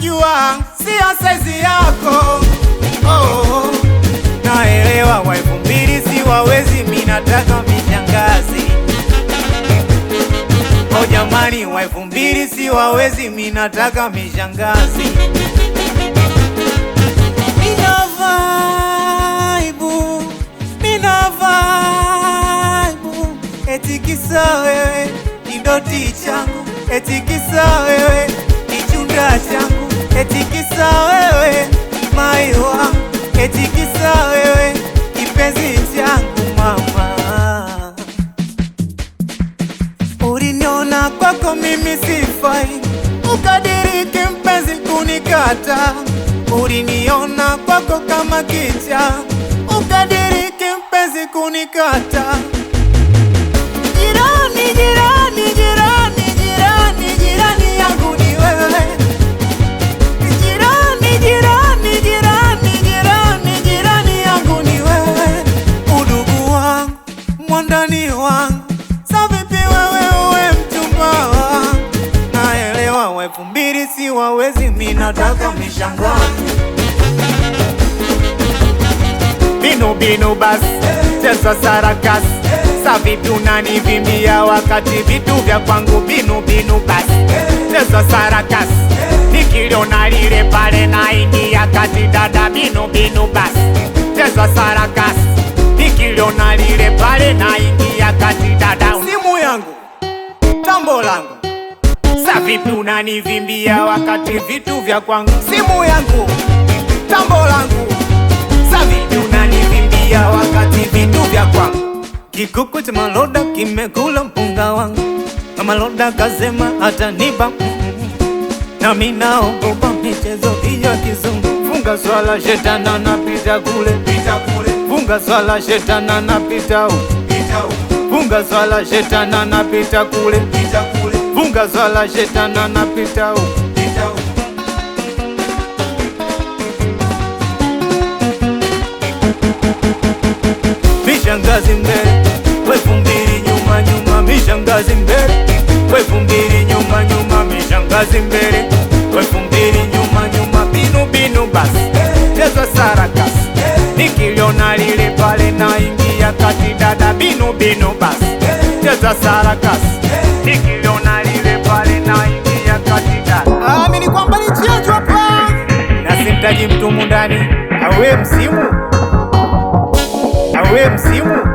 najua sio sezi yako oh, naelewa waifu elfu mbili siwawezi, mimi nataka vishangazi oh, jamani waifu elfu mbili siwawezi, mimi nataka vishangazi Kisa wewe ni doti changu, eti kisa wewe ni chunda changu eti kisa wewe maiwa, eti kisa wewe kipenzi changu mama, uliniona kwako mimi sifai, ukadiriki mpenzi kunikata, uliniona kwako kama kicha, ukadiriki mpenzi kunikata umo ndani wangu, sa wewe uwe mchumba wangu? Naelewa elfu mbili si wawezi, mimi nataka mishangao binu basi cheza sarakasi sa vipi unanivimbia wakati vitu vya kwangu binu binu basi cheza sarakasi nikilionalile pale na ya kati dada binu binu basi cheza sarakasi Sa vipi unanivimbia wakati vitu vya kwangu, simu yangu, tambo langu. Sa vipi unanivimbia wakati vitu vya kwangu. Kikuku cha maloda kimekula mpunga wangu, na maloda kasema atanipa na mimi naogopa michezo hiyo kizungu. Funga swala shetana na pita kule, pita kule. Funga swala shetana na pita huko, pita huko. Funga swala shetana na pita kule Funga zala shetana na pita u Mishangazi mbele, wefu mbili nyuma nyuma Mishangazi mbele, wefu mbili nyuma nyuma Mishangazi mbele, wefu mbili nyuma nyuma Binu binu basi, leza sarakasi Nikiliona lile pale na ingia kati dada Binu binu basi, leza sarakasi Nikiliona unahitaji mtu mundani, awe msimu awe msimu